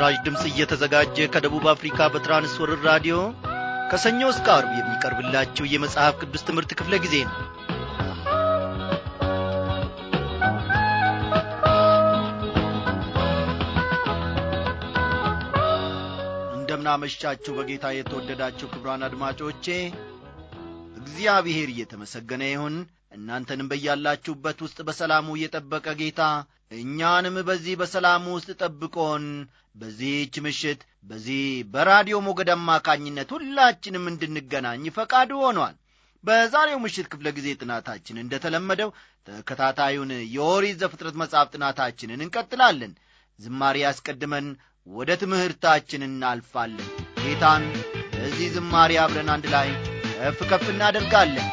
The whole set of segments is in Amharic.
ለምስራች ድምፅ እየተዘጋጀ ከደቡብ አፍሪካ በትራንስወርር ራዲዮ ከሰኞ እስከ አርብ የሚቀርብላችሁ የመጽሐፍ ቅዱስ ትምህርት ክፍለ ጊዜ ነው እንደምናመሻችሁ በጌታ የተወደዳችሁ ክብሯን አድማጮቼ እግዚአብሔር እየተመሰገነ ይሁን እናንተንም በያላችሁበት ውስጥ በሰላሙ የጠበቀ ጌታ እኛንም በዚህ በሰላሙ ውስጥ ጠብቆን በዚህች ምሽት በዚህ በራዲዮ ሞገድ አማካኝነት ሁላችንም እንድንገናኝ ፈቃድ ሆኗል። በዛሬው ምሽት ክፍለ ጊዜ ጥናታችን እንደተለመደው ተከታታዩን የኦሪት ዘፍጥረት መጽሐፍ ጥናታችንን እንቀጥላለን። ዝማሬ አስቀድመን ወደ ትምህርታችን እናልፋለን። ጌታን በዚህ ዝማሬ አብረን አንድ ላይ ከፍ ከፍ እናደርጋለን።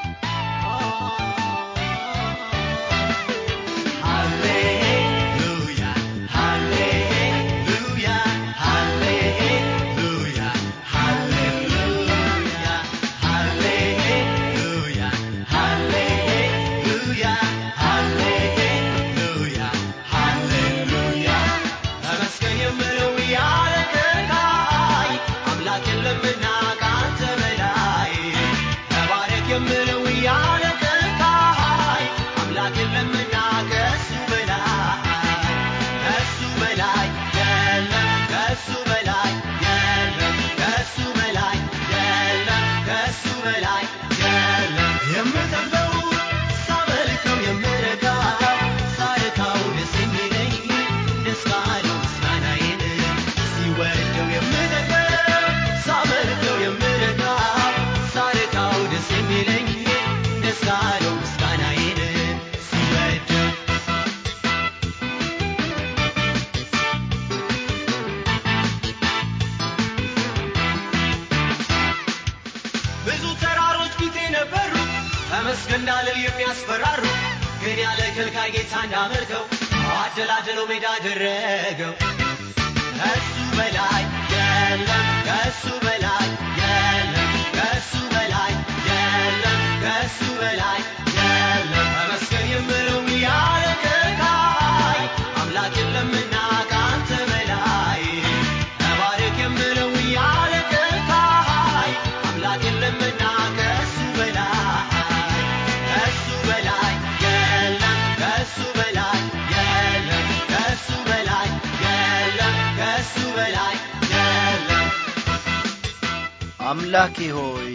አምላኬ ሆይ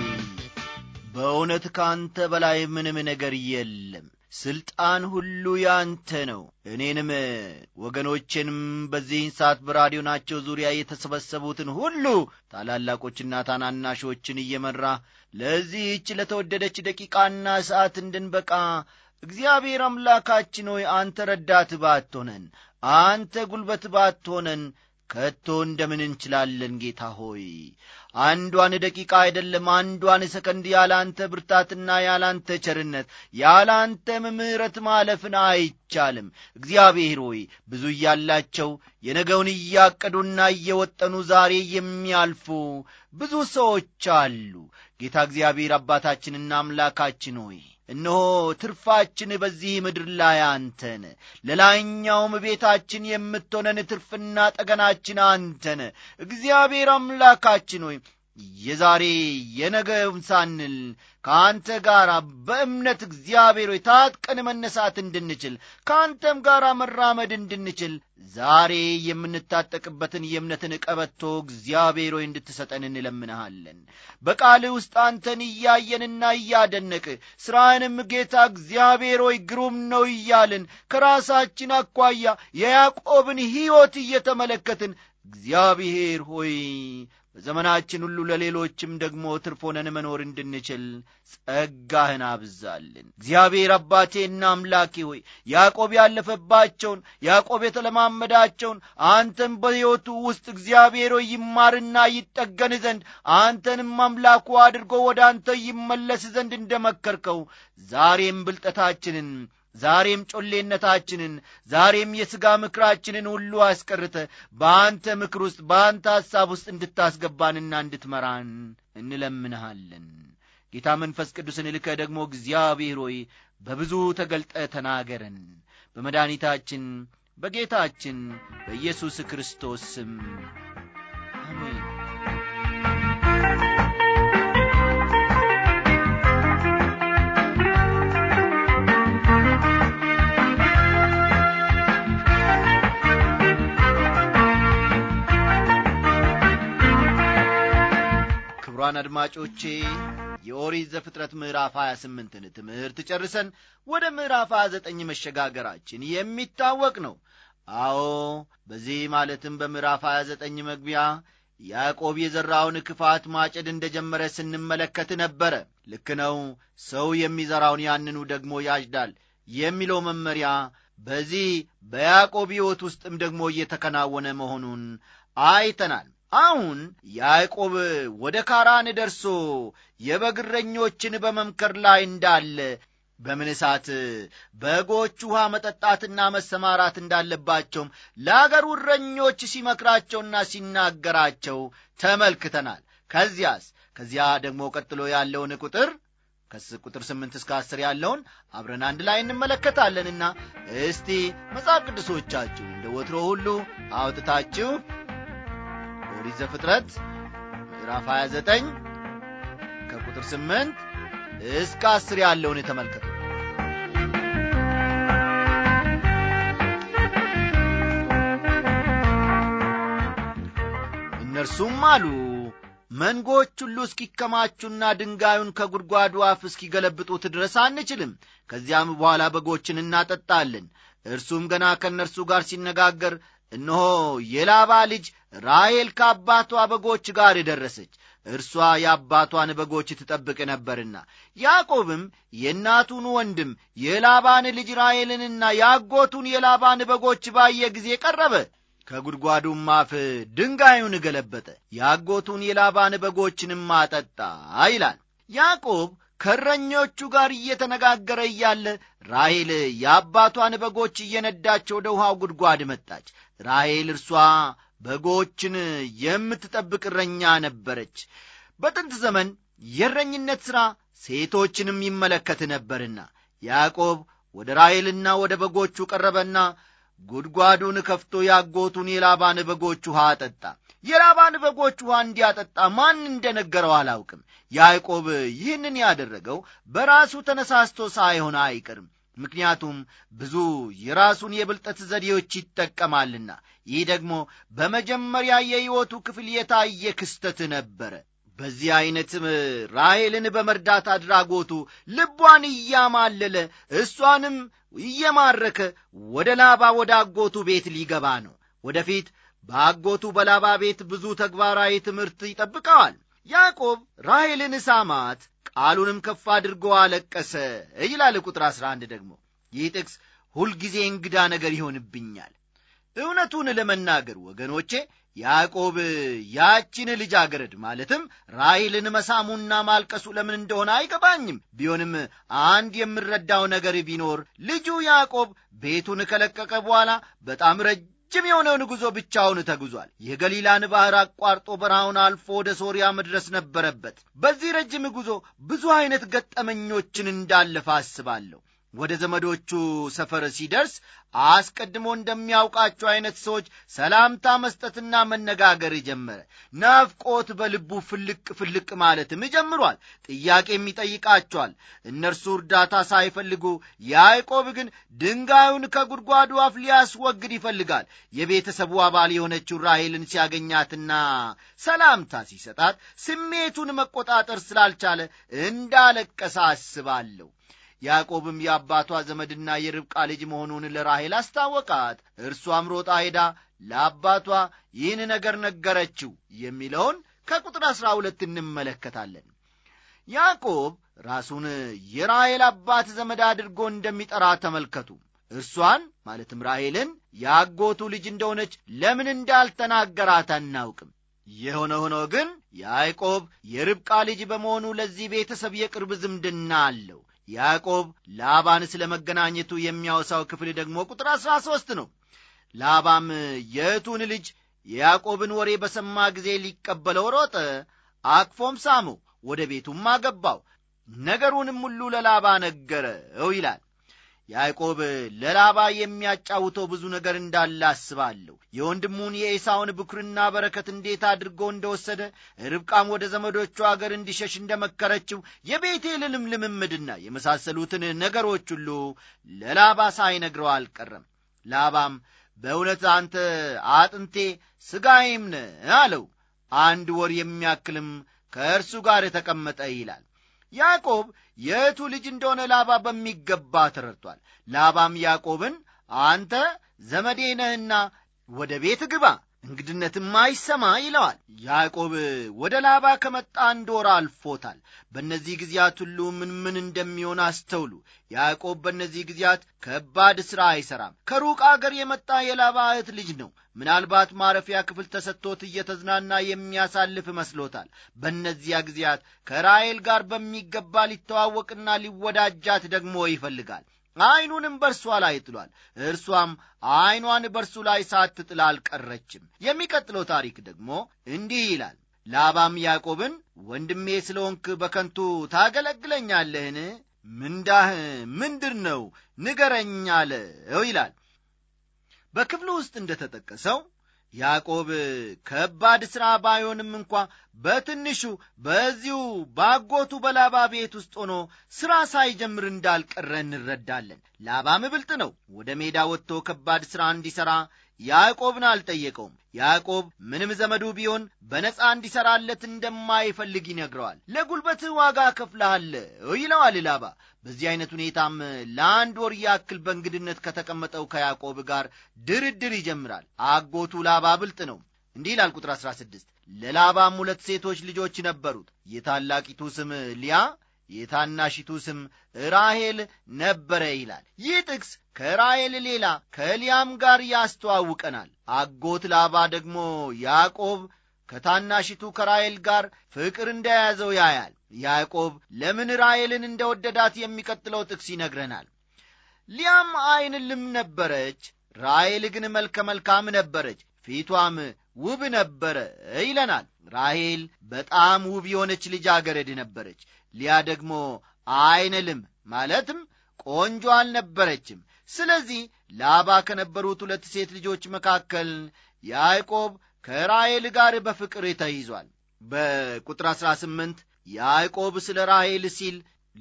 በእውነት ከአንተ በላይ ምንም ነገር የለም ሥልጣን ሁሉ ያንተ ነው እኔንም ወገኖቼንም በዚህን ሰዓት በራዲዮናቸው ዙሪያ የተሰበሰቡትን ሁሉ ታላላቆችና ታናናሾችን እየመራ ለዚህች ለተወደደች ደቂቃና ሰዓት እንድንበቃ እግዚአብሔር አምላካችን ሆይ አንተ ረዳት ባትሆነን አንተ ጒልበት ባትሆነን ከቶ እንደምን እንችላለን ጌታ ሆይ? አንዷን ደቂቃ አይደለም አንዷን ሰከንድ ያላንተ ብርታትና ያላንተ ቸርነት ያላንተ ምምረት ማለፍን አይቻልም። እግዚአብሔር ሆይ ብዙ እያላቸው የነገውን እያቀዱና እየወጠኑ ዛሬ የሚያልፉ ብዙ ሰዎች አሉ። ጌታ እግዚአብሔር አባታችንና አምላካችን ሆይ እነሆ ትርፋችን በዚህ ምድር ላይ አንተን፣ ለላይኛውም ቤታችን የምትሆነን ትርፍና ጠገናችን አንተን እግዚአብሔር አምላካችን ሆይ የዛሬ የነገውን ሳንል ከአንተ ጋር በእምነት እግዚአብሔር የታጥቀን መነሳት እንድንችል ከአንተም ጋር መራመድ እንድንችል ዛሬ የምንታጠቅበትን የእምነትን ቀበቶ እግዚአብሔር ሆይ እንድትሰጠን እንለምንሃለን። በቃል ውስጥ አንተን እያየንና እያደነቅ ሥራንም ጌታ እግዚአብሔር ሆይ ግሩም ነው እያልን ከራሳችን አኳያ የያዕቆብን ሕይወት እየተመለከትን እግዚአብሔር ሆይ በዘመናችን ሁሉ ለሌሎችም ደግሞ ትርፍ ሆነን መኖር እንድንችል ጸጋህን አብዛልን። እግዚአብሔር አባቴና አምላኬ ሆይ ያዕቆብ ያለፈባቸውን ያዕቆብ የተለማመዳቸውን አንተን በሕይወቱ ውስጥ እግዚአብሔር ሆይ ይማርና ይጠገን ዘንድ አንተንም አምላኩ አድርጎ ወደ አንተ ይመለስ ዘንድ እንደመከርከው ዛሬም ብልጠታችንን ዛሬም ጮሌነታችንን ዛሬም የሥጋ ምክራችንን ሁሉ አስቀርተ በአንተ ምክር ውስጥ በአንተ ሐሳብ ውስጥ እንድታስገባንና እንድትመራን እንለምንሃለን። ጌታ መንፈስ ቅዱስን እልከ ደግሞ እግዚአብሔር ሆይ በብዙ ተገልጠ ተናገረን። በመድኒታችን በጌታችን በኢየሱስ ክርስቶስ ስም አሜን። ክቡራን አድማጮቼ የኦሪት ዘፍጥረት ምዕራፍ 28ን ትምህርት ጨርሰን ወደ ምዕራፍ 29 መሸጋገራችን የሚታወቅ ነው። አዎ በዚህ ማለትም በምዕራፍ 29 መግቢያ ያዕቆብ የዘራውን ክፋት ማጨድ እንደ ጀመረ ስንመለከት ነበረ። ልክ ነው። ሰው የሚዘራውን ያንኑ ደግሞ ያጅዳል የሚለው መመሪያ በዚህ በያዕቆብ ሕይወት ውስጥም ደግሞ እየተከናወነ መሆኑን አይተናል። አሁን ያዕቆብ ወደ ካራን ደርሶ የበግረኞችን በመምከር ላይ እንዳለ በምን እሳት በጎች ውሃ መጠጣትና መሰማራት እንዳለባቸውም ለአገሩ እረኞች ሲመክራቸውና ሲናገራቸው ተመልክተናል። ከዚያስ ከዚያ ደግሞ ቀጥሎ ያለውን ቁጥር ከስ ቁጥር ስምንት እስከ አስር ያለውን አብረን አንድ ላይ እንመለከታለንና እስቲ መጽሐፍ ቅዱሶቻችሁ እንደ ወትሮ ሁሉ አውጥታችሁ ኦሪት ዘፍጥረት ምዕራፍ 29 ከቁጥር 8 እስከ 10 ያለውን የተመልከቱ። እነርሱም አሉ መንጎች ሁሉ እስኪከማቹና ድንጋዩን ከጉድጓዱ አፍ እስኪገለብጡት ድረስ አንችልም። ከዚያም በኋላ በጎችን እናጠጣለን። እርሱም ገና ከእነርሱ ጋር ሲነጋገር እነሆ የላባ ልጅ ራሔል ከአባቷ በጎች ጋር ደረሰች። እርሷ የአባቷን በጎች ትጠብቅ ነበርና ያዕቆብም የእናቱን ወንድም የላባን ልጅ ራሔልንና ያጎቱን የላባን በጎች ባየ ጊዜ ቀረበ። ከጉድጓዱም አፍ ድንጋዩን ገለበጠ፣ ያጎቱን የላባን በጎችንም አጠጣ ይላል ያዕቆብ ከረኞቹ ጋር እየተነጋገረ እያለ ራሔል የአባቷን በጎች እየነዳች ወደ ውሃው ጉድጓድ መጣች። ራሔል እርሷ በጎችን የምትጠብቅ እረኛ ነበረች። በጥንት ዘመን የረኝነት ሥራ ሴቶችንም ይመለከት ነበርና ያዕቆብ ወደ ራይልና ወደ በጎቹ ቀረበና ጉድጓዱን ከፍቶ ያጎቱን የላባን በጎች ውሃ አጠጣ። የላባን በጎች ውሃ እንዲያጠጣ ማን እንደነገረው አላውቅም። ያዕቆብ ይህንን ያደረገው በራሱ ተነሳስቶ ሳይሆን አይቀርም። ምክንያቱም ብዙ የራሱን የብልጠት ዘዴዎች ይጠቀማልና። ይህ ደግሞ በመጀመሪያ የሕይወቱ ክፍል የታየ ክስተት ነበረ። በዚህ ዐይነትም ራሔልን በመርዳት አድራጎቱ ልቧን እያማለለ እሷንም እየማረከ ወደ ላባ ወደ አጎቱ ቤት ሊገባ ነው። ወደፊት በአጎቱ በላባ ቤት ብዙ ተግባራዊ ትምህርት ይጠብቀዋል። ያዕቆብ ራሔልን ሳማት ቃሉንም ከፍ አድርጎ አለቀሰ ይላል ቁጥር 11 ደግሞ ይህ ጥቅስ ሁልጊዜ እንግዳ ነገር ይሆንብኛል እውነቱን ለመናገር ወገኖቼ ያዕቆብ ያችን ልጃገረድ ማለትም ራይልን መሳሙና ማልቀሱ ለምን እንደሆነ አይገባኝም ቢሆንም አንድ የምረዳው ነገር ቢኖር ልጁ ያዕቆብ ቤቱን ከለቀቀ በኋላ በጣም ረጅ ረጅም የሆነውን ጉዞ ብቻውን ተጉዟል። የገሊላን ባሕር አቋርጦ በረሃውን አልፎ ወደ ሶርያ መድረስ ነበረበት። በዚህ ረጅም ጉዞ ብዙ ዐይነት ገጠመኞችን እንዳለፈ አስባለሁ። ወደ ዘመዶቹ ሰፈር ሲደርስ አስቀድሞ እንደሚያውቃቸው አይነት ሰዎች ሰላምታ መስጠትና መነጋገር ጀመረ። ናፍቆት በልቡ ፍልቅ ፍልቅ ማለትም ጀምሯል። ጥያቄም ይጠይቃቸዋል። እነርሱ እርዳታ ሳይፈልጉ፣ ያዕቆብ ግን ድንጋዩን ከጉድጓዱ አፍ ሊያስወግድ ይፈልጋል። የቤተሰቡ አባል የሆነችው ራሄልን ሲያገኛትና ሰላምታ ሲሰጣት ስሜቱን መቆጣጠር ስላልቻለ እንዳለቀሰ አስባለሁ። ያዕቆብም የአባቷ ዘመድና የርብቃ ልጅ መሆኑን ለራሔል አስታወቃት። እርሷም ሮጣ ሄዳ ለአባቷ ይህን ነገር ነገረችው የሚለውን ከቁጥር ዐሥራ ሁለት እንመለከታለን። ያዕቆብ ራሱን የራሔል አባት ዘመድ አድርጎ እንደሚጠራ ተመልከቱ። እርሷን ማለትም ራሔልን የአጎቱ ልጅ እንደሆነች ለምን እንዳልተናገራት አናውቅም። የሆነ ሆኖ ግን ያዕቆብ የርብቃ ልጅ በመሆኑ ለዚህ ቤተሰብ የቅርብ ዝምድና አለው። ያዕቆብ ላባን ስለ መገናኘቱ የሚያወሳው ክፍል ደግሞ ቁጥር አሥራ ሦስት ነው። ላባም የእቱን ልጅ የያዕቆብን ወሬ በሰማ ጊዜ ሊቀበለው ሮጠ፣ አቅፎም ሳመው፣ ወደ ቤቱም አገባው፣ ነገሩንም ሁሉ ለላባ ነገረው ይላል። ያዕቆብ ለላባ የሚያጫውተው ብዙ ነገር እንዳለ አስባለሁ። የወንድሙን የኤሳውን ብኩርና በረከት እንዴት አድርጎ እንደወሰደ፣ ርብቃም ወደ ዘመዶቹ አገር እንዲሸሽ እንደመከረችው፣ የቤቴልንም ልምምድና የመሳሰሉትን ነገሮች ሁሉ ለላባ ሳይነግረው አልቀረም። ላባም በእውነት አንተ አጥንቴ ሥጋዬም አለው። አንድ ወር የሚያክልም ከእርሱ ጋር የተቀመጠ ይላል። ያዕቆብ የእቱ ልጅ እንደሆነ ላባ በሚገባ ተረድቷል። ላባም ያዕቆብን አንተ ዘመዴ ነህና ወደ ቤት ግባ እንግድነትም አይሰማ ይለዋል። ያዕቆብ ወደ ላባ ከመጣ አንድ ወር አልፎታል። በእነዚህ ጊዜያት ሁሉ ምን ምን እንደሚሆን አስተውሉ። ያዕቆብ በእነዚህ ጊዜያት ከባድ ሥራ አይሠራም። ከሩቅ አገር የመጣ የላባ እህት ልጅ ነው። ምናልባት ማረፊያ ክፍል ተሰጥቶት እየተዝናና የሚያሳልፍ መስሎታል። በእነዚያ ጊዜያት ከራኤል ጋር በሚገባ ሊተዋወቅና ሊወዳጃት ደግሞ ይፈልጋል። ዐይኑንም በእርሷ ላይ ጥሏል። እርሷም ዐይኗን በእርሱ ላይ ሳትጥል አልቀረችም። የሚቀጥለው ታሪክ ደግሞ እንዲህ ይላል። ላባም ያዕቆብን ወንድሜ ስለ በከንቱ ታገለግለኛለህን? ምንዳህ ምንድር ነው ንገረኝ አለው ይላል። በክፍሉ ውስጥ እንደተጠቀሰው ያዕቆብ ከባድ ሥራ ባይሆንም እንኳ በትንሹ በዚሁ ባጎቱ በላባ ቤት ውስጥ ሆኖ ሥራ ሳይጀምር እንዳልቀረ እንረዳለን። ላባም ብልጥ ነው። ወደ ሜዳ ወጥቶ ከባድ ሥራ እንዲሠራ ያዕቆብን አልጠየቀውም። ያዕቆብ ምንም ዘመዱ ቢሆን በነፃ እንዲሠራለት እንደማይፈልግ ይነግረዋል። ለጉልበት ዋጋ እከፍልሃለሁ ይለዋል ላባ። በዚህ ዐይነት ሁኔታም ለአንድ ወር ያክል በእንግድነት ከተቀመጠው ከያዕቆብ ጋር ድርድር ይጀምራል። አጎቱ ላባ ብልጥ ነው። እንዲህ ይላል ቁጥር 16 ለላባም ሁለት ሴቶች ልጆች ነበሩት። የታላቂቱ ስም ሊያ፣ የታናሺቱ ስም ራሄል ነበረ ይላል ይህ ጥቅስ ከራኤል ሌላ ከልያም ጋር ያስተዋውቀናል። አጎት ላባ ደግሞ ያዕቆብ ከታናሽቱ ከራኤል ጋር ፍቅር እንደያዘው ያያል። ያዕቆብ ለምን ራኤልን እንደወደዳት የሚቀጥለው ጥቅስ ይነግረናል። ሊያም አይን ልም ነበረች፣ ራኤል ግን መልከ መልካም ነበረች፣ ፊቷም ውብ ነበረ ይለናል። ራሄል በጣም ውብ የሆነች ልጃገረድ ነበረች። ሊያ ደግሞ ዓይነ ልም ማለትም ቆንጆ አልነበረችም። ስለዚህ ላባ ከነበሩት ሁለት ሴት ልጆች መካከል ያዕቆብ ከራሔል ጋር በፍቅር ተይዟል። በቁጥር 18 ያዕቆብ ስለ ራሔል ሲል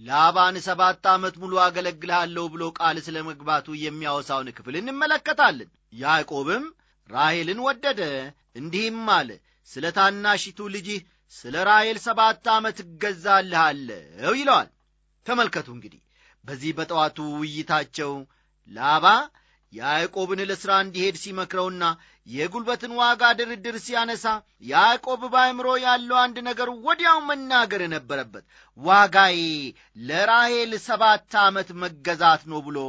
ላባን ሰባት ዓመት ሙሉ አገለግልሃለሁ ብሎ ቃል ስለ መግባቱ የሚያወሳውን ክፍል እንመለከታለን። ያዕቆብም ራሔልን ወደደ፣ እንዲህም አለ ስለ ታናሺቱ ልጅህ ስለ ራሔል ሰባት ዓመት እገዛልሃለሁ ይለዋል። ተመልከቱ እንግዲህ በዚህ በጠዋቱ ውይይታቸው ላባ ያዕቆብን ለሥራ እንዲሄድ ሲመክረውና የጉልበትን ዋጋ ድርድር ሲያነሳ ያዕቆብ በአእምሮ ያለው አንድ ነገር ወዲያው መናገር ነበረበት። ዋጋዬ ለራሔል ሰባት ዓመት መገዛት ነው ብሎ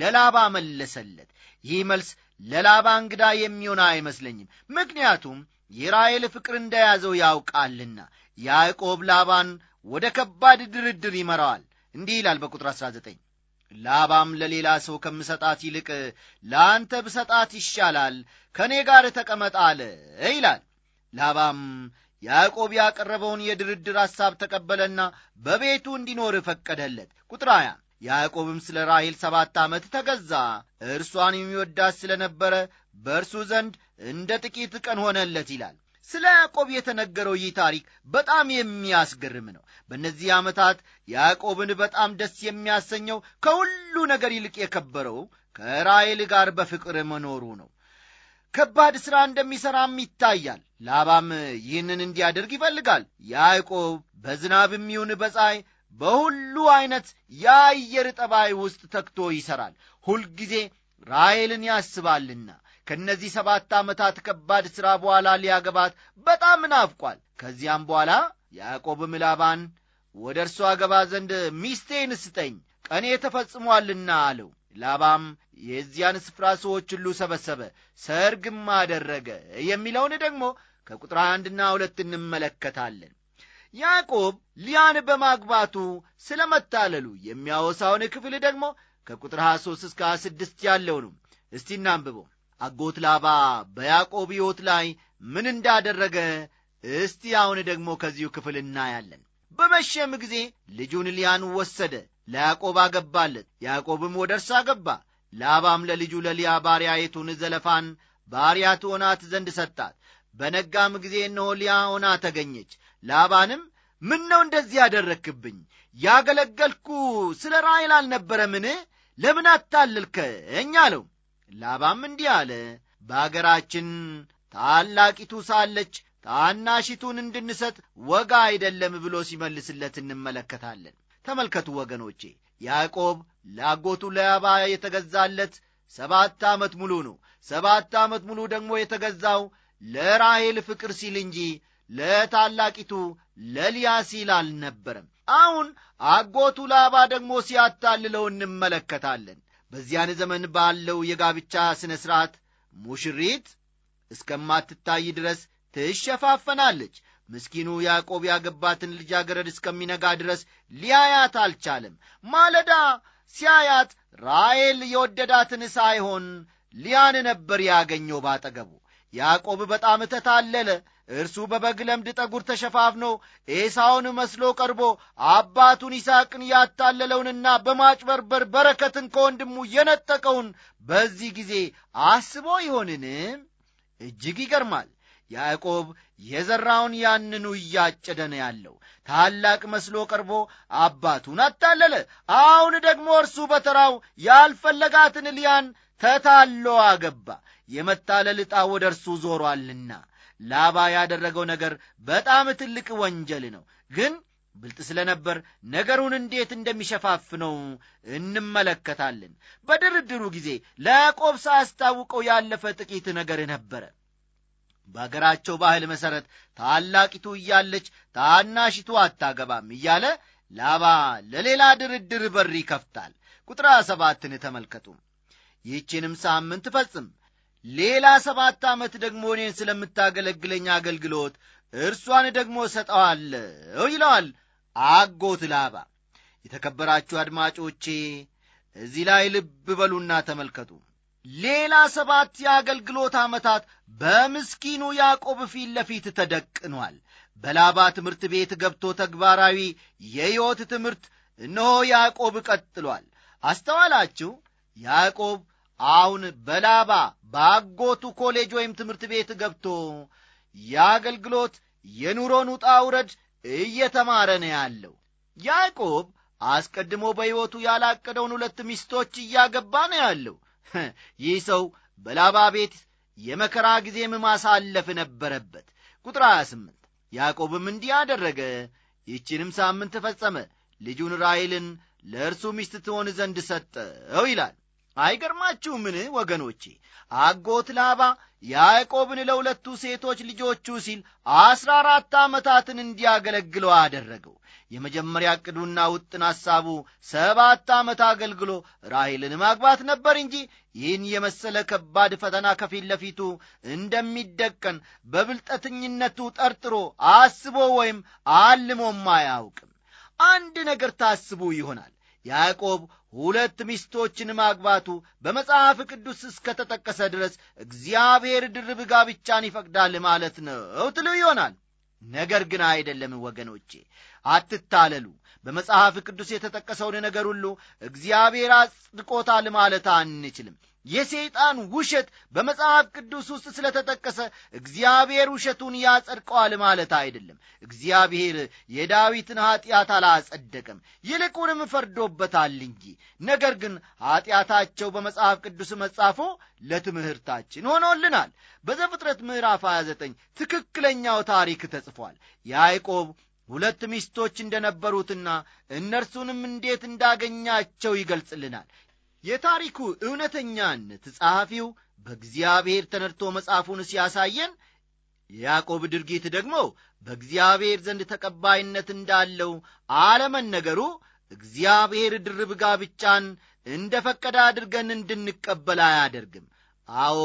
ለላባ መለሰለት። ይህ መልስ ለላባ እንግዳ የሚሆን አይመስለኝም። ምክንያቱም የራሔል ፍቅር እንደያዘው ያውቃልና ያዕቆብ ላባን ወደ ከባድ ድርድር ይመራዋል። እንዲህ ይላል በቁጥር 19 ላባም ለሌላ ሰው ከምሰጣት ይልቅ ለአንተ ብሰጣት ይሻላል፣ ከእኔ ጋር ተቀመጣለ አለ ይላል። ላባም ያዕቆብ ያቀረበውን የድርድር ሐሳብ ተቀበለና በቤቱ እንዲኖር ፈቀደለት። ቁጥራያ ያዕቆብም ስለ ራሔል ሰባት ዓመት ተገዛ፣ እርሷን የሚወዳት ስለ ነበረ በእርሱ ዘንድ እንደ ጥቂት ቀን ሆነለት ይላል። ስለ ያዕቆብ የተነገረው ይህ ታሪክ በጣም የሚያስገርም ነው። በእነዚህ ዓመታት ያዕቆብን በጣም ደስ የሚያሰኘው ከሁሉ ነገር ይልቅ የከበረው ከራይል ጋር በፍቅር መኖሩ ነው። ከባድ ሥራ እንደሚሠራም ይታያል። ላባም ይህንን እንዲያደርግ ይፈልጋል። ያዕቆብ በዝናብም ይሁን በፀሐይ በሁሉ ዐይነት የአየር ጠባይ ውስጥ ተግቶ ይሠራል። ሁልጊዜ ራሔልን ያስባልና ከእነዚህ ሰባት ዓመታት ከባድ ሥራ በኋላ ሊያገባት በጣም ናፍቋል። ከዚያም በኋላ ያዕቆብም ላባን ወደ እርሱ አገባ ዘንድ ሚስቴን ስጠኝ፣ ቀኔ ተፈጽሟልና አለው። ላባም የዚያን ስፍራ ሰዎች ሁሉ ሰበሰበ፣ ሰርግም አደረገ የሚለውን ደግሞ ከቁጥር አንድና ሁለት እንመለከታለን። ያዕቆብ ሊያን በማግባቱ ስለ መታለሉ የሚያወሳውን ክፍል ደግሞ ከቁጥር 23 እስከ 26 ያለው ነው። እስቲ እናንብበው። አጎት ላባ በያዕቆብ ሕይወት ላይ ምን እንዳደረገ እስቲ አሁን ደግሞ ከዚሁ ክፍል እናያለን። በመሸም ጊዜ ልጁን ልያን ወሰደ፣ ለያዕቆብ አገባለት። ያዕቆብም ወደ እርሳ አገባ። ላባም ለልጁ ለልያ ባሪያይቱን ዘለፋን ባሪያ ትሆናት ዘንድ ሰጣት። በነጋም ጊዜ እነሆ ልያ ሆና ተገኘች። ላባንም ምን ነው እንደዚህ ያደረክብኝ ያገለገልኩ ስለ ራሔል አልነበረምን? ለምን አታልልከኝ? አለው። ላባም እንዲህ አለ በአገራችን ታላቂቱ ሳለች ታናሺቱን እንድንሰጥ ወጋ አይደለም ብሎ ሲመልስለት እንመለከታለን። ተመልከቱ ወገኖቼ፣ ያዕቆብ ለአጎቱ ለያባ የተገዛለት ሰባት ዓመት ሙሉ ነው። ሰባት ዓመት ሙሉ ደግሞ የተገዛው ለራሔል ፍቅር ሲል እንጂ ለታላቂቱ ለልያ ሲል አልነበረም። አሁን አጎቱ ላባ ደግሞ ሲያታልለው እንመለከታለን። በዚያን ዘመን ባለው የጋብቻ ሥነ ሥርዓት ሙሽሪት እስከማትታይ ድረስ ትሸፋፈናለች። ምስኪኑ ያዕቆብ ያገባትን ልጃገረድ እስከሚነጋ ድረስ ሊያያት አልቻለም። ማለዳ ሲያያት ራኤል የወደዳትን ሳይሆን ሊያን ነበር ያገኘው ባጠገቡ። ያዕቆብ በጣም ተታለለ። እርሱ በበግ ለምድ ጠጉር ተሸፋፍኖ ኤሳውን መስሎ ቀርቦ አባቱን ይስሐቅን ያታለለውንና በማጭበርበር በረከትን ከወንድሙ የነጠቀውን በዚህ ጊዜ አስቦ ይሆንን? እጅግ ይገርማል። ያዕቆብ የዘራውን ያንኑ እያጨደ ያለው። ታላቅ መስሎ ቀርቦ አባቱን አታለለ። አሁን ደግሞ እርሱ በተራው ያልፈለጋትን ልያን ተታሎ አገባ። የመታለል ዕጣ ወደ እርሱ ዞሯልና ላባ ያደረገው ነገር በጣም ትልቅ ወንጀል ነው። ግን ብልጥ ስለነበር ነገሩን እንዴት እንደሚሸፋፍነው እንመለከታለን። በድርድሩ ጊዜ ለያዕቆብ ሳያስታውቀው ያለፈ ጥቂት ነገር ነበረ። በአገራቸው ባህል መሠረት ታላቂቱ እያለች ታናሽቱ አታገባም እያለ ላባ ለሌላ ድርድር በር ይከፍታል። ቁጥር ሰባትን ተመልከቱ። ይህችንም ሳምንት ፈጽም ሌላ ሰባት ዓመት ደግሞ እኔን ስለምታገለግለኝ አገልግሎት እርሷን ደግሞ እሰጠዋለሁ ይለዋል አጎት ላባ። የተከበራችሁ አድማጮቼ እዚህ ላይ ልብ በሉና ተመልከቱ። ሌላ ሰባት የአገልግሎት ዓመታት በምስኪኑ ያዕቆብ ፊት ለፊት ተደቅኗል። በላባ ትምህርት ቤት ገብቶ ተግባራዊ የሕይወት ትምህርት እነሆ ያዕቆብ ቀጥሏል። አስተዋላችሁ? ያዕቆብ አሁን በላባ ባጎቱ ኮሌጅ ወይም ትምህርት ቤት ገብቶ የአገልግሎት የኑሮን ውጣ ውረድ እየተማረ ነው ያለው። ያዕቆብ አስቀድሞ በሕይወቱ ያላቀደውን ሁለት ሚስቶች እያገባ ነው ያለው። ይህ ሰው በላባ ቤት የመከራ ጊዜም ማሳለፍ ነበረበት። ቁጥር 28 ያዕቆብም እንዲህ አደረገ፣ ይችንም ሳምንት ፈጸመ፣ ልጁን ራሔልን ለእርሱ ሚስት ትሆን ዘንድ ሰጠው ይላል። አይገርማችሁምን ወገኖቼ አጎት ላባ ያዕቆብን ለሁለቱ ሴቶች ልጆቹ ሲል አስራ አራት ዓመታትን እንዲያገለግለው አደረገው የመጀመሪያ ዕቅዱና ውጥን ሐሳቡ ሰባት ዓመት አገልግሎ ራሔልን ማግባት ነበር እንጂ ይህን የመሰለ ከባድ ፈተና ከፊት ለፊቱ እንደሚደቀን በብልጠትኝነቱ ጠርጥሮ አስቦ ወይም አልሞም አያውቅም አንድ ነገር ታስቡ ይሆናል ያዕቆብ ሁለት ሚስቶችን ማግባቱ በመጽሐፍ ቅዱስ እስከተጠቀሰ ድረስ እግዚአብሔር ድርብ ጋብቻን ይፈቅዳል ማለት ነው ትሉ ይሆናል። ነገር ግን አይደለም ወገኖቼ፣ አትታለሉ። በመጽሐፍ ቅዱስ የተጠቀሰውን ነገር ሁሉ እግዚአብሔር አጽድቆታል ማለት አንችልም። የሰይጣን ውሸት በመጽሐፍ ቅዱስ ውስጥ ስለተጠቀሰ እግዚአብሔር ውሸቱን ያጸድቀዋል ማለት አይደለም። እግዚአብሔር የዳዊትን ኀጢአት አላጸደቅም ይልቁንም ፈርዶበታል እንጂ። ነገር ግን ኀጢአታቸው በመጽሐፍ ቅዱስ መጻፎ ለትምህርታችን ሆኖልናል። በዘፍጥረት ምዕራፍ 29 ትክክለኛው ታሪክ ተጽፏል። ያዕቆብ ሁለት ሚስቶች እንደነበሩትና እነርሱንም እንዴት እንዳገኛቸው ይገልጽልናል። የታሪኩ እውነተኛነት ጸሐፊው በእግዚአብሔር ተነድቶ መጽሐፉን ሲያሳየን፣ የያዕቆብ ድርጊት ደግሞ በእግዚአብሔር ዘንድ ተቀባይነት እንዳለው አለመነገሩ እግዚአብሔር ድርብ ጋብቻን እንደ ፈቀደ አድርገን እንድንቀበል አያደርግም። አዎ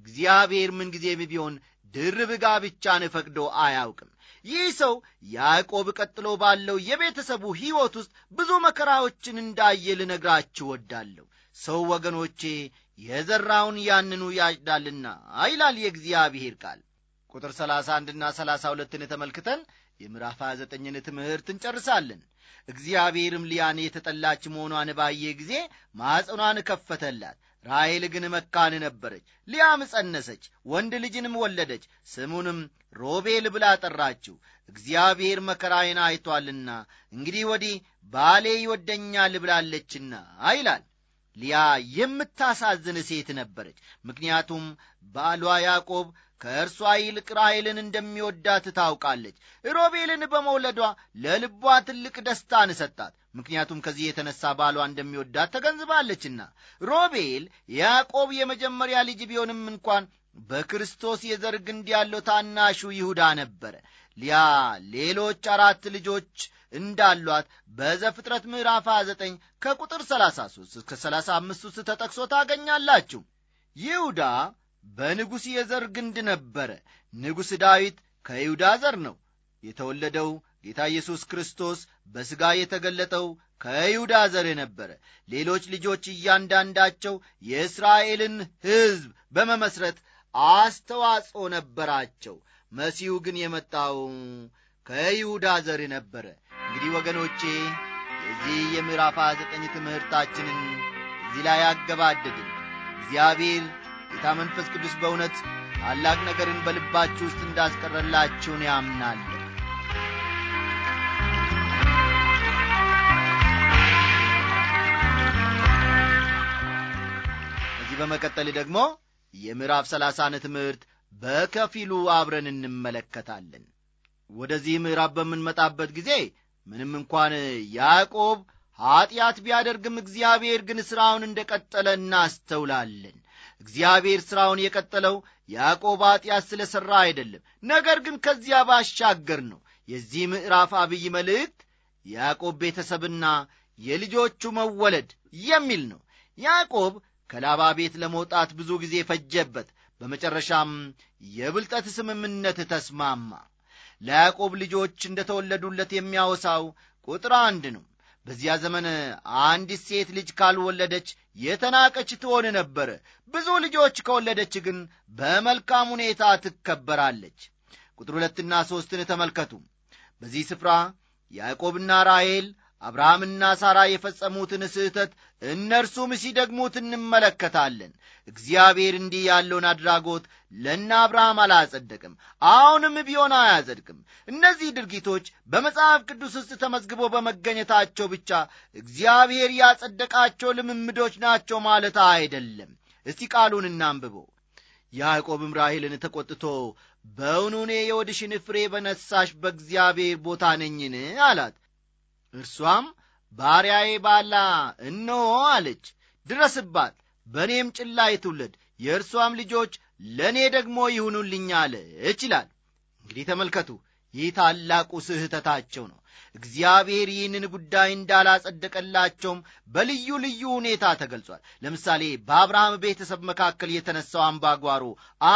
እግዚአብሔር ምንጊዜም ቢሆን ድርብ ጋብቻን ፈቅዶ አያውቅም። ይህ ሰው ያዕቆብ ቀጥሎ ባለው የቤተሰቡ ሕይወት ውስጥ ብዙ መከራዎችን እንዳየ ልነግራችሁ ወዳለሁ። ሰው ወገኖቼ የዘራውን ያንኑ ያጭዳልና ይላል የእግዚአብሔር ቃል። ቁጥር 31ና 32ን ተመልክተን የምዕራፍ 29ን ትምህርት እንጨርሳለን። እግዚአብሔርም ልያን የተጠላች መሆኗን ባየ ጊዜ ማኅፀኗን ከፈተላት፣ ራሔል ግን መካን ነበረች። ሊያም ጸነሰች፣ ወንድ ልጅንም ወለደች። ስሙንም ሮቤል ብላ ጠራችው፣ እግዚአብሔር መከራዬን አይቶአልና እንግዲህ ወዲህ ባሌ ይወደኛል ብላለችና ይላል። ሊያ የምታሳዝን ሴት ነበረች። ምክንያቱም ባሏ ያዕቆብ ከእርሷ ይልቅ ራሔልን እንደሚወዳት ታውቃለች። ሮቤልን በመውለዷ ለልቧ ትልቅ ደስታን ሰጣት። ምክንያቱም ከዚህ የተነሳ ባሏ እንደሚወዳት ተገንዝባለችና። ሮቤል ያዕቆብ የመጀመሪያ ልጅ ቢሆንም እንኳን በክርስቶስ የዘር ግንድ ያለው ታናሹ ይሁዳ ነበረ። ሊያ ሌሎች አራት ልጆች እንዳሏት በዘፍጥረት ምዕራፍ 29 ከቁጥር 33 እስከ 35 ውስጥ ተጠቅሶ ታገኛላችሁ። ይሁዳ በንጉሥ የዘር ግንድ ነበረ። ንጉሥ ዳዊት ከይሁዳ ዘር ነው። የተወለደው ጌታ ኢየሱስ ክርስቶስ በሥጋ የተገለጠው ከይሁዳ ዘር ነበረ። ሌሎች ልጆች እያንዳንዳቸው የእስራኤልን ሕዝብ በመመስረት አስተዋጽኦ ነበራቸው። መሲሁ ግን የመጣው ከይሁዳ ዘር ነበረ። እንግዲህ ወገኖቼ የዚህ የምዕራፍ 2ዘጠኝ ትምህርታችንን እዚህ ላይ አገባደድን። እግዚአብሔር ጌታ መንፈስ ቅዱስ በእውነት ታላቅ ነገርን በልባችሁ ውስጥ እንዳስቀረላችሁን ያምናል ከዚህ በመቀጠል ደግሞ የምዕራፍ ሰላሳን ትምህርት በከፊሉ አብረን እንመለከታለን። ወደዚህ ምዕራፍ በምንመጣበት ጊዜ ምንም እንኳን ያዕቆብ ኀጢአት ቢያደርግም እግዚአብሔር ግን ሥራውን እንደ ቀጠለ እናስተውላለን። እግዚአብሔር ሥራውን የቀጠለው ያዕቆብ ኃጢአት ስለ ሠራ አይደለም፣ ነገር ግን ከዚያ ባሻገር ነው። የዚህ ምዕራፍ አብይ መልእክት ያዕቆብ ቤተሰብና የልጆቹ መወለድ የሚል ነው። ያዕቆብ ከላባ ቤት ለመውጣት ብዙ ጊዜ ፈጀበት። በመጨረሻም የብልጠት ስምምነት ተስማማ። ለያዕቆብ ልጆች እንደተወለዱለት የሚያወሳው ቁጥር አንድ ነው። በዚያ ዘመን አንዲት ሴት ልጅ ካልወለደች የተናቀች ትሆን ነበር። ብዙ ልጆች ከወለደች ግን በመልካም ሁኔታ ትከበራለች። ቁጥር ሁለትና ሦስትን ተመልከቱ። በዚህ ስፍራ ያዕቆብና ራሔል አብርሃምና ሳራ የፈጸሙትን ስህተት እነርሱም ሲደግሙት እንመለከታለን። እግዚአብሔር እንዲህ ያለውን አድራጎት ለና አብርሃም አላጸደቅም፣ አሁንም ቢሆን አያጸድቅም። እነዚህ ድርጊቶች በመጽሐፍ ቅዱስ ውስጥ ተመዝግቦ በመገኘታቸው ብቻ እግዚአብሔር ያጸደቃቸው ልምምዶች ናቸው ማለት አይደለም። እስቲ ቃሉን እናንብቦ። ያዕቆብም ራሔልን ተቆጥቶ በውኑኔ የወድሽን ፍሬ በነሳሽ በእግዚአብሔር ቦታ ነኝን አላት እርሷም ባሪያዬ ባላ እነሆ አለች ድረስባት በእኔም ጭላ ላይ የእርሷም ልጆች ለእኔ ደግሞ ይሁኑልኛ አለች ይላል እንግዲህ ተመልከቱ ይህ ታላቁ ስህተታቸው ነው። እግዚአብሔር ይህንን ጉዳይ እንዳላጸደቀላቸውም በልዩ ልዩ ሁኔታ ተገልጿል። ለምሳሌ በአብርሃም ቤተሰብ መካከል የተነሳው አምባጓሮ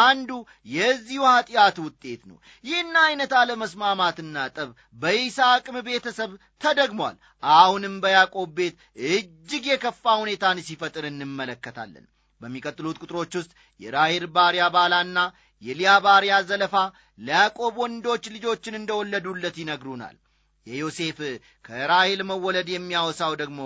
አንዱ የዚሁ ኃጢአት ውጤት ነው። ይህን አይነት አለመስማማትና ጠብ በይስሐቅም ቤተሰብ ተደግሟል። አሁንም በያዕቆብ ቤት እጅግ የከፋ ሁኔታን ሲፈጥር እንመለከታለን። በሚቀጥሉት ቁጥሮች ውስጥ የራሔል ባሪያ ባላና የሊያ ባሪያ ዘለፋ ለያዕቆብ ወንዶች ልጆችን እንደወለዱለት ይነግሩናል። የዮሴፍ ከራሄል መወለድ የሚያወሳው ደግሞ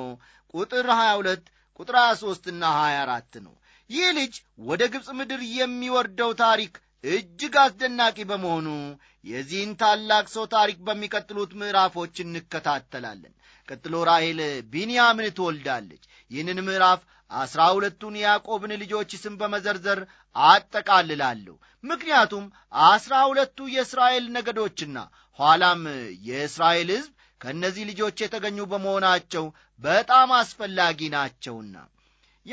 ቁጥር 22 ቁጥር 23ና 24 ነው። ይህ ልጅ ወደ ግብፅ ምድር የሚወርደው ታሪክ እጅግ አስደናቂ በመሆኑ የዚህን ታላቅ ሰው ታሪክ በሚቀጥሉት ምዕራፎች እንከታተላለን። ቀጥሎ ራሄል ቢንያምን ትወልዳለች። ይህንን ምዕራፍ አስራ ሁለቱን የያዕቆብን ልጆች ስም በመዘርዘር አጠቃልላለሁ። ምክንያቱም አስራ ሁለቱ የእስራኤል ነገዶችና ኋላም የእስራኤል ሕዝብ ከእነዚህ ልጆች የተገኙ በመሆናቸው በጣም አስፈላጊ ናቸውና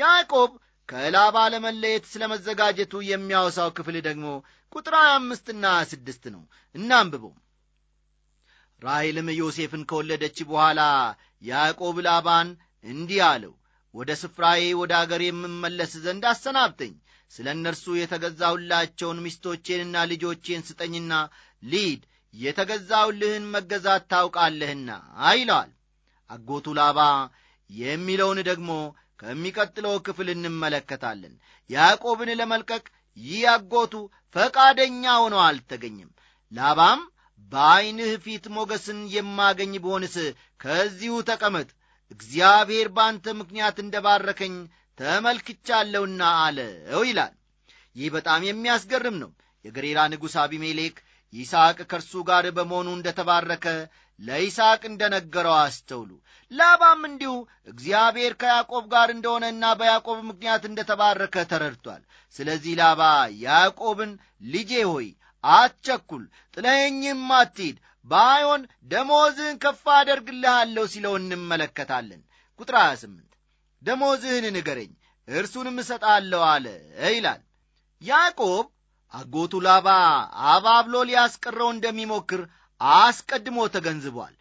ያዕቆብ ከላባ ለመለየት ስለ መዘጋጀቱ የሚያወሳው ክፍል ደግሞ ቁጥር ሀያ አምስትና ስድስት ነው። እናንብቦ ራሔልም ዮሴፍን ከወለደች በኋላ ያዕቆብ ላባን እንዲህ አለው ወደ ስፍራዬ ወደ አገር የምመለስ ዘንድ አሰናብተኝ ስለ እነርሱ የተገዛሁላቸውን ሚስቶቼንና ልጆቼን ስጠኝና ሊድ የተገዛውልህን መገዛት ታውቃለህና ይለዋል። አጎቱ ላባ የሚለውን ደግሞ ከሚቀጥለው ክፍል እንመለከታለን። ያዕቆብን ለመልቀቅ ይህ አጎቱ ፈቃደኛ ሆኖ አልተገኝም። ላባም በዐይንህ ፊት ሞገስን የማገኝ ብሆንስ ከዚሁ ተቀመጥ እግዚአብሔር በአንተ ምክንያት እንደ ባረከኝ ተመልክቻለሁና አለው ይላል። ይህ በጣም የሚያስገርም ነው። የገሬራ ንጉሥ አቢሜሌክ ይስሐቅ ከእርሱ ጋር በመሆኑ እንደ ተባረከ ለይስሐቅ እንደ ነገረው አስተውሉ። ላባም እንዲሁ እግዚአብሔር ከያዕቆብ ጋር እንደሆነና በያዕቆብ ምክንያት እንደ ተባረከ ተረድቷል። ስለዚህ ላባ ያዕቆብን ልጄ ሆይ አትቸኩል፣ ጥለኸኝም አትሂድ፣ በአዮን ደሞዝህን ከፍ አደርግልሃለሁ ሲለው እንመለከታለን። ቁጥር 28 ደሞዝህን ንገረኝ እርሱንም እሰጣለሁ አለ ይላል። ያዕቆብ አጎቱ ላባ አባብሎ ሊያስቀረው እንደሚሞክር አስቀድሞ ተገንዝቧል።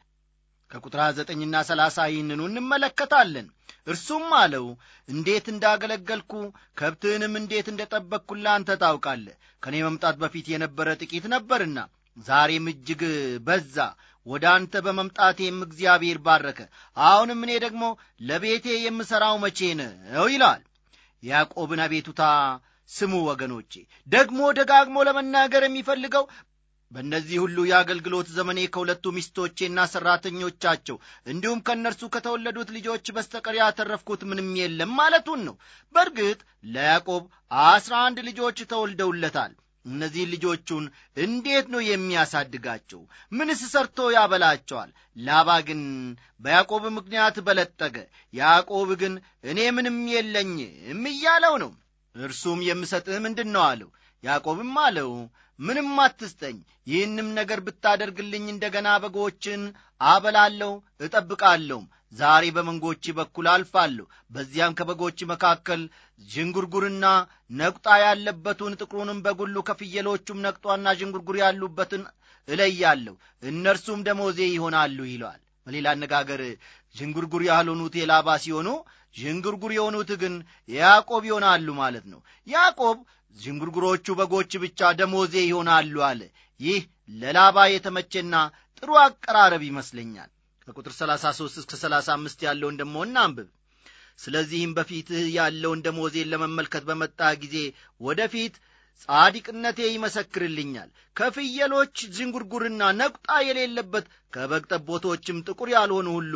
ከቁጥር 29ና 30 ይህንኑ እንመለከታለን። እርሱም አለው እንዴት እንዳገለገልኩ ከብትህንም እንዴት እንደ ጠበቅኩ ለአንተ ታውቃለህ። ከእኔ መምጣት በፊት የነበረ ጥቂት ነበርና ዛሬም እጅግ በዛ። ወደ አንተ በመምጣቴም እግዚአብሔር ባረከ። አሁንም እኔ ደግሞ ለቤቴ የምሠራው መቼ ነው ይላል። ያዕቆብን አቤቱታ ስሙ ወገኖቼ። ደግሞ ደጋግሞ ለመናገር የሚፈልገው በእነዚህ ሁሉ የአገልግሎት ዘመኔ ከሁለቱ ሚስቶቼና ሠራተኞቻቸው እንዲሁም ከእነርሱ ከተወለዱት ልጆች በስተቀር ያተረፍኩት ምንም የለም ማለቱን ነው። በእርግጥ ለያዕቆብ አስራ አንድ ልጆች ተወልደውለታል። እነዚህን ልጆቹን እንዴት ነው የሚያሳድጋቸው? ምንስ ሰርቶ ያበላቸዋል? ላባ ግን በያዕቆብ ምክንያት በለጠገ። ያዕቆብ ግን እኔ ምንም የለኝም እያለው ነው። እርሱም የምሰጥህ ምንድን ነው አለው። ያዕቆብም አለው ምንም አትስጠኝ፣ ይህንም ነገር ብታደርግልኝ እንደገና በጎችን አበላለሁ እጠብቃለሁም። ዛሬ በመንጎች በኩል አልፋለሁ፣ በዚያም ከበጎች መካከል ዥንጉርጉርና ነቁጣ ያለበቱን ጥቁሩንም በጉሉ ከፍየሎቹም ነቁጧና ዥንጉርጉር ያሉበትን እለያለሁ፣ እነርሱም ደሞዜ ይሆናሉ ይለዋል። በሌላ አነጋገር ዥንጉርጉር ያልሆኑት የላባ ሲሆኑ ዥንጉርጉር የሆኑት ግን ያዕቆብ ይሆናሉ ማለት ነው። ያዕቆብ ዥንጉርጉሮቹ በጎች ብቻ ደሞዜ ይሆናሉ አለ። ይህ ለላባ የተመቸና ጥሩ አቀራረብ ይመስለኛል። ከቁጥር 33 እስከ 35 ያለውን ደሞ እናንብብ። ስለዚህም በፊትህ ያለውን ደሞዜን ለመመልከት በመጣ ጊዜ ወደፊት ጻድቅነቴ ይመሰክርልኛል። ከፍየሎች ዝንጉርጉርና ነቁጣ የሌለበት ከበግ ጠቦቶችም ጥቁር ያልሆኑ ሁሉ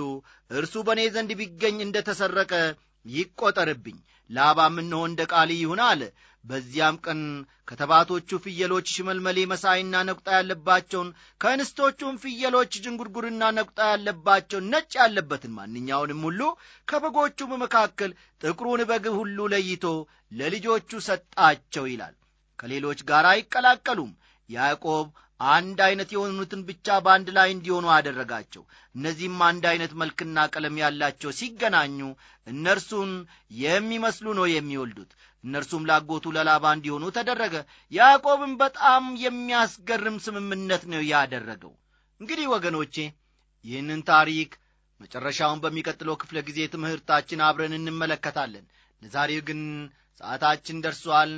እርሱ በእኔ ዘንድ ቢገኝ እንደ ተሰረቀ ይቈጠርብኝ። ላባም እንሆ እንደ ቃል ይሁን አለ። በዚያም ቀን ከተባቶቹ ፍየሎች ሽመልመሌ መሳይና ነቁጣ ያለባቸውን ከእንስቶቹም ፍየሎች ዝንጉርጉርና ነቁጣ ያለባቸውን ነጭ ያለበትን ማንኛውንም ሁሉ ከበጎቹም መካከል ጥቁሩን በግ ሁሉ ለይቶ ለልጆቹ ሰጣቸው ይላል። ከሌሎች ጋር አይቀላቀሉም ያዕቆብ አንድ ዐይነት የሆኑትን ብቻ በአንድ ላይ እንዲሆኑ አደረጋቸው እነዚህም አንድ ዐይነት መልክና ቀለም ያላቸው ሲገናኙ እነርሱን የሚመስሉ ነው የሚወልዱት እነርሱም ላጎቱ ለላባ እንዲሆኑ ተደረገ ያዕቆብም በጣም የሚያስገርም ስምምነት ነው ያደረገው እንግዲህ ወገኖቼ ይህንን ታሪክ መጨረሻውን በሚቀጥለው ክፍለ ጊዜ ትምህርታችን አብረን እንመለከታለን ለዛሬው ግን ሰዓታችን ደርሷል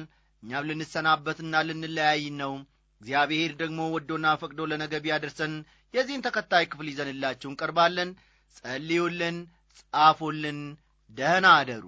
እኛም ልንሰናበትና ልንለያይ ነው። እግዚአብሔር ደግሞ ወዶና ፈቅዶ ለነገ ቢያደርሰን የዚህን ተከታይ ክፍል ይዘንላችሁ እንቀርባለን። ጸልዩልን፣ ጻፉልን። ደህና አደሩ።